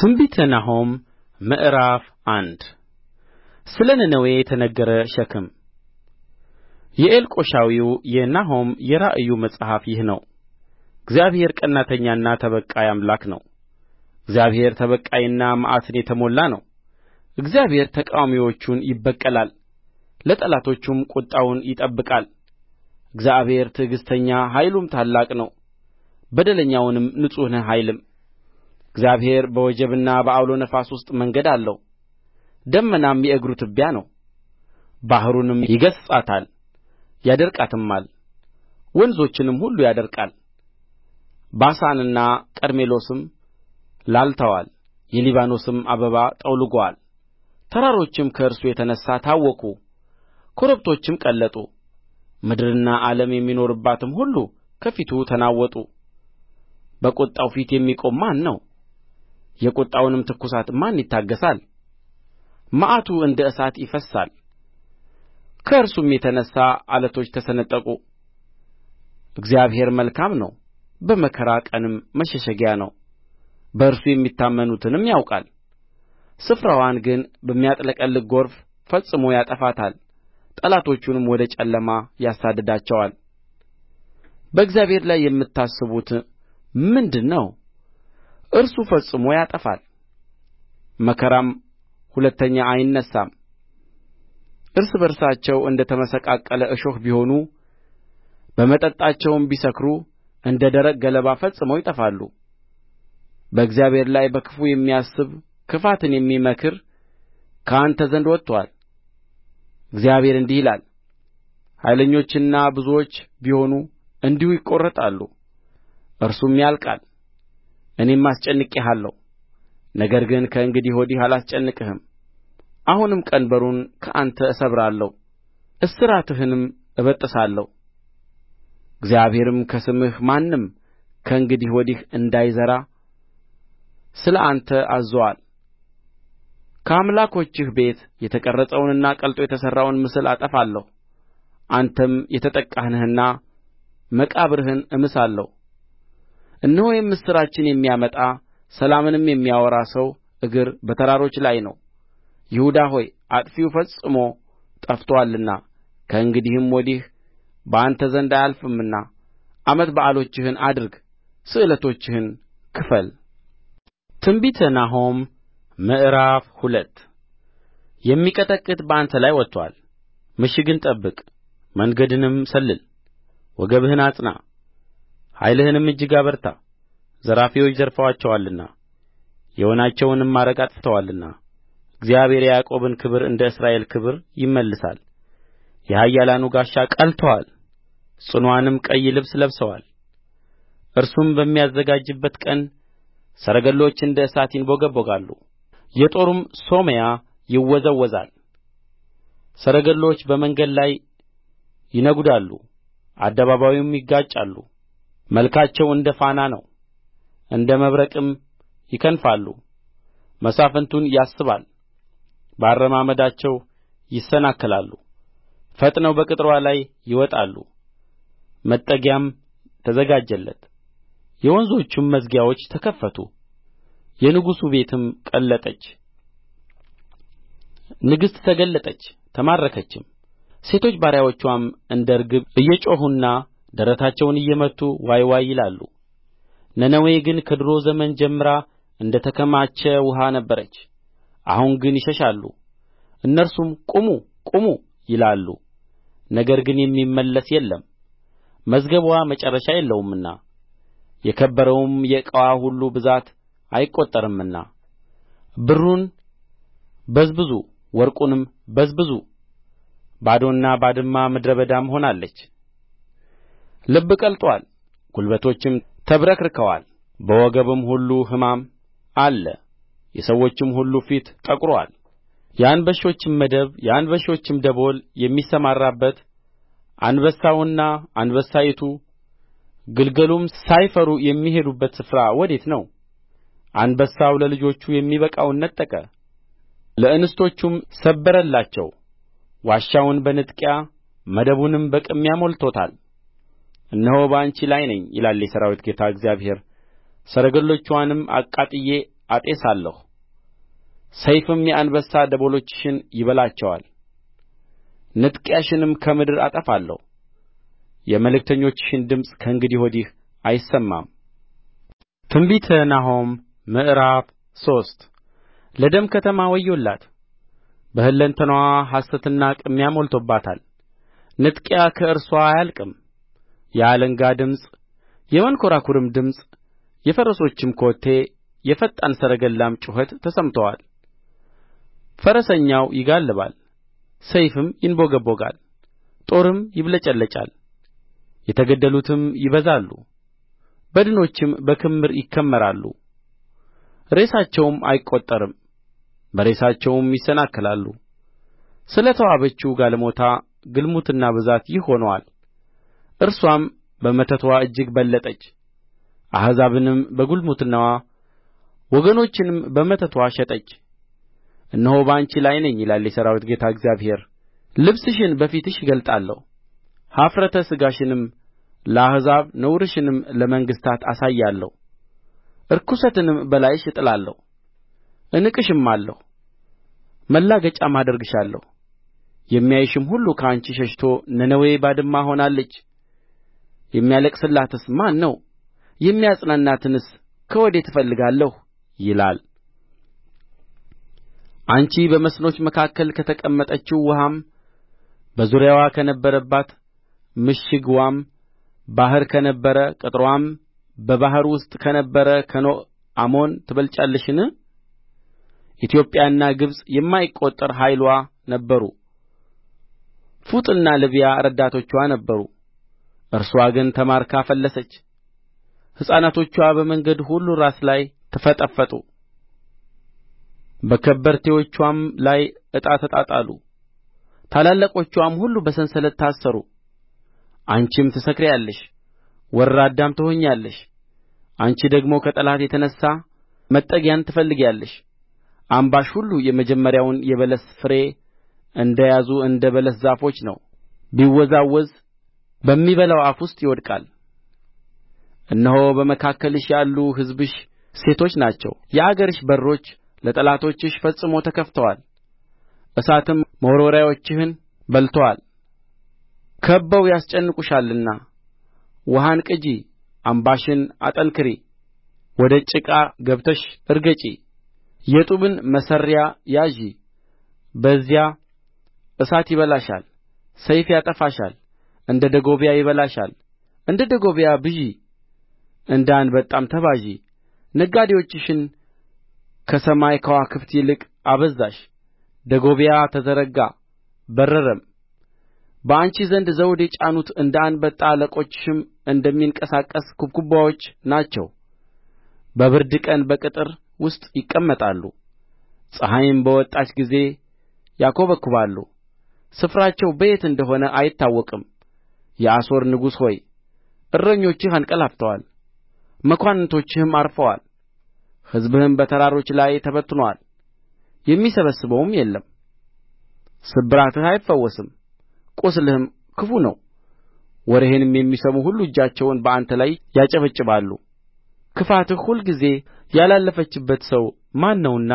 ትንቢተ ናሆም ምዕራፍ አንድ ስለ ነነዌ የተነገረ ሸክም። የኤልቆሻዊው የናሆም የራእዩ መጽሐፍ ይህ ነው። እግዚአብሔር ቀናተኛና ተበቃይ አምላክ ነው። እግዚአብሔር ተበቃይና መዓትን የተሞላ ነው። እግዚአብሔር ተቃዋሚዎቹን ይበቀላል፣ ለጠላቶቹም ቍጣውን ይጠብቃል። እግዚአብሔር ትዕግሥተኛ ኃይሉም ታላቅ ነው፣ በደለኛውንም ንጹሕ ነህ አይልም። እግዚአብሔር በወጀብና በዐውሎ ነፋስ ውስጥ መንገድ አለው ደመናም የእግሩ ትቢያ ነው ባሕሩንም ይገሥጻታል ያደርቃትማል ወንዞችንም ሁሉ ያደርቃል ባሳንና ቀርሜሎስም ላልተዋል የሊባኖስም አበባ ጠውልጎአል ተራሮችም ከእርሱ የተነሣ ታወኩ ኮረብቶችም ቀለጡ ምድርና ዓለም የሚኖርባትም ሁሉ ከፊቱ ተናወጡ በቍጣው ፊት የሚቆም ማን ነው የቍጣውንም ትኵሳት ማን ይታገሣል መዓቱ እንደ እሳት ይፈስሳል ከእርሱም የተነሣ ዓለቶች ተሰነጠቁ እግዚአብሔር መልካም ነው በመከራ ቀንም መሸሸጊያ ነው በእርሱ የሚታመኑትንም ያውቃል ስፍራዋን ግን በሚያጥለቀልቅ ጎርፍ ፈጽሞ ያጠፋታል ጠላቶቹንም ወደ ጨለማ ያሳድዳቸዋል በእግዚአብሔር ላይ የምታስቡት ምንድር ነው እርሱ ፈጽሞ ያጠፋል መከራም ሁለተኛ አይነሣም እርስ በርሳቸው እንደ ተመሰቃቀለ እሾህ ቢሆኑ በመጠጣቸውም ቢሰክሩ እንደ ደረቅ ገለባ ፈጽመው ይጠፋሉ በእግዚአብሔር ላይ በክፉ የሚያስብ ክፋትን የሚመክር ከአንተ ዘንድ ወጥቶአል እግዚአብሔር እንዲህ ይላል ኃይለኞችና ብዙዎች ቢሆኑ እንዲሁ ይቈረጣሉ እርሱም ያልቃል እኔም አስጨንቄሃለሁ ነገር ግን ከእንግዲህ ወዲህ አላስጨንቅህም አሁንም ቀንበሩን ከአንተ እሰብራለሁ እስራትህንም እበጥሳለሁ እግዚአብሔርም ከስምህ ማንም ከእንግዲህ ወዲህ እንዳይዘራ ስለ አንተ አዝዞአል ከአምላኮችህ ቤት የተቀረጸውንና ቀልጦ የተሠራውን ምስል አጠፋለሁ አንተም የተጠቃህ ነህና መቃብርህን እምሳለሁ እነሆ የምስራችን የሚያመጣ ሰላምንም የሚያወራ ሰው እግር በተራሮች ላይ ነው ይሁዳ ሆይ አጥፊው ፈጽሞ ጠፍቶአልና ከእንግዲህም ወዲህ በአንተ ዘንድ አያልፍምና ዓመት በዓሎችህን አድርግ ስእለቶችህን ክፈል ትንቢተ ናሆም ምዕራፍ ሁለት የሚቀጠቅጥ በአንተ ላይ ወጥቶአል ምሽግን ጠብቅ መንገድንም ሰልል ወገብህን አጽና ኃይልህንም እጅግ አበርታ ዘራፊዎች ዘርፈዋቸዋልና የወይናቸውንም አረግ አጥፍተዋልና እግዚአብሔር የያዕቆብን ክብር እንደ እስራኤል ክብር ይመልሳል የኃያላኑ ጋሻ ቀልቶአል ጽኑዓንም ቀይ ልብስ ለብሰዋል እርሱም በሚያዘጋጅበት ቀን ሰረገሎች እንደ እሳት ይንቦገቦጋሉ የጦሩም ሶመያ ይወዛወዛል ሰረገሎች በመንገድ ላይ ይነጕዳሉ አደባባዩም ይጋጫሉ መልካቸው እንደ ፋና ነው እንደ መብረቅም ይከንፋሉ መሳፍንቱን ያስባል በአረማመዳቸው ይሰናከላሉ ፈጥነው በቅጥርዋ ላይ ይወጣሉ መጠጊያም ተዘጋጀለት የወንዞቹም መዝጊያዎች ተከፈቱ የንጉሡ ቤትም ቀለጠች ንግሥት ተገለጠች ተማረከችም ሴቶች ባሪያዎችዋም እንደ ርግብ እየጮኹና ደረታቸውን እየመቱ ዋይ ዋይ ይላሉ ነነዌ ግን ከዱሮ ዘመን ጀምራ እንደ ተከማቸ ውኃ ነበረች አሁን ግን ይሸሻሉ እነርሱም ቁሙ ቁሙ ይላሉ ነገር ግን የሚመለስ የለም መዝገብዋ መጨረሻ የለውምና የከበረውም የዕቃዋ ሁሉ ብዛት አይቈጠርምና ብሩን በዝብዙ ወርቁንም በዝብዙ ባዶና ባድማ ምድረ በዳም ሆናለች ልብ ቀልጦአል ጕልበቶችም ተብረክርከዋል በወገብም ሁሉ ሕማም አለ የሰዎችም ሁሉ ፊት ጠቍሮአል የአንበሾችም መደብ የአንበሾችም ደቦል የሚሰማራበት አንበሳውና አንበሳይቱ ግልገሉም ሳይፈሩ የሚሄዱበት ስፍራ ወዴት ነው አንበሳው ለልጆቹ የሚበቃውን ነጠቀ ለእንስቶቹም ሰበረላቸው ዋሻውን በንጥቂያ መደቡንም በቅሚያ ሞልቶታል እነሆ በአንቺ ላይ ነኝ ይላል የሠራዊት ጌታ እግዚአብሔር ሰረገሎችዋንም አቃጥዬ አጤሳለሁ ሰይፍም የአንበሳ ደቦሎችሽን ይበላቸዋል ንጥቂያሽንም ከምድር አጠፋለሁ የመልእክተኞችሽን ድምፅ ከእንግዲህ ወዲህ አይሰማም። ትንቢተ ናሆም ምዕራፍ ሶስት ለደም ከተማ ወዮላት! በሁለንተናዋ ሐሰትና ቅሚያ ሞልቶባታል። ንጥቂያ ከእርሷ አያልቅም፣ የአለንጋ ድምፅ የመንኰራኵርም ድምፅ የፈረሶችም ኮቴ የፈጣን ሰረገላም ጩኸት ተሰምቶአል ፈረሰኛው ይጋልባል ሰይፍም ይንቦገቦጋል ጦርም ይብለጨለጫል የተገደሉትም ይበዛሉ በድኖችም በክምር ይከመራሉ ሬሳቸውም አይቈጠርም በሬሳቸውም ይሰናከላሉ ስለ ተዋበችው ጋለሞታ ግልሙትና ብዛት ይህ ሆኖአል እርስዋም በመተትዋ እጅግ በለጠች አሕዛብንም በግልሙትናዋ ወገኖችንም በመተትዋ ሸጠች እነሆ በአንቺ ላይ ነኝ ይላል የሠራዊት ጌታ እግዚአብሔር ልብስሽን በፊትሽ እገልጣለሁ ኀፍረተ ሥጋሽንም ለአሕዛብ ነውርሽንም ለመንግሥታት አሳያለሁ ርኵሰትንም በላይሽ እጥላለሁ እንቅሽማለሁ መላገጫም አደርግሻለሁ የሚያይሽም ሁሉ ከአንቺ ሸሽቶ ነነዌ ባድማ ሆናለች የሚያለቅስላትስ ማን ነው የሚያጽናናትንስ ከወዴት እፈልጋለሁ ይላል አንቺ በመስኖች መካከል ከተቀመጠችው ውኃም በዙሪያዋ ከነበረባት ምሽግዋም ባሕር ከነበረ ቅጥርዋም በባሕር ውስጥ ከነበረ ከኖእ አሞን ትበልጫለሽን ኢትዮጵያና ግብጽ የማይቈጠር ኃይልዋ ነበሩ ፉጥና ልብያ ረዳቶችዋ ነበሩ እርስዋ ግን ተማርካ ፈለሰች ሕፃናቶችዋ በመንገድ ሁሉ ራስ ላይ ተፈጠፈጡ በከበርቴዎችዋም ላይ ዕጣ ተጣጣሉ ታላላቆችዋም ሁሉ በሰንሰለት ታሰሩ አንቺም ትሰክሪአለሽ ወራዳም ትሆኛለሽ አንቺ ደግሞ ከጠላት የተነሣ መጠጊያን ትፈልጊአለሽ አምባሽ ሁሉ የመጀመሪያውን የበለስ ፍሬ እንደ ያዙ እንደ በለስ ዛፎች ነው ቢወዛወዝ በሚበላው አፍ ውስጥ ይወድቃል እነሆ በመካከልሽ ያሉ ሕዝብሽ ሴቶች ናቸው የአገርሽ በሮች ለጠላቶችሽ ፈጽሞ ተከፍተዋል እሳትም መወርወሪያዎችህን በልቶአል ከብበው ያስጨንቁሻልና ውኃን ቅጂ አምባሽን አጠንክሪ ወደ ጭቃ ገብተሽ እርገጪ የጡብን መሠሪያ ያዢ በዚያ እሳት ይበላሻል ሰይፍ ያጠፋሻል እንደ ደጎብያ ይበላሻል እንደ ደጎብያ ብዢ እንደ አንበጣም ተባዢ ነጋዴዎችሽን ከሰማይ ከዋክብት ይልቅ አበዛሽ ደጎብያ ተዘረጋ በረረም በአንቺ ዘንድ ዘውድ የጫኑት እንደ አንበጣ አለቆችሽም እንደሚንቀሳቀስ ኩብኩባዎች ናቸው በብርድ ቀን በቅጥር ውስጥ ይቀመጣሉ ፀሐይም በወጣች ጊዜ ያኰበኵባሉ ስፍራቸው በየት እንደ ሆነ አይታወቅም የአሦር ንጉሥ ሆይ እረኞችህ አንቀላፍተዋል መኳንንቶችህም ዐርፈዋል ሕዝብህም በተራሮች ላይ ተበትኖአል የሚሰበስበውም የለም ስብራትህ አይፈወስም ቍስልህም ክፉ ነው ወሬህንም የሚሰሙ ሁሉ እጃቸውን በአንተ ላይ ያጨበጭባሉ ክፋትህ ሁልጊዜ ያላለፈችበት ሰው ማን ነውና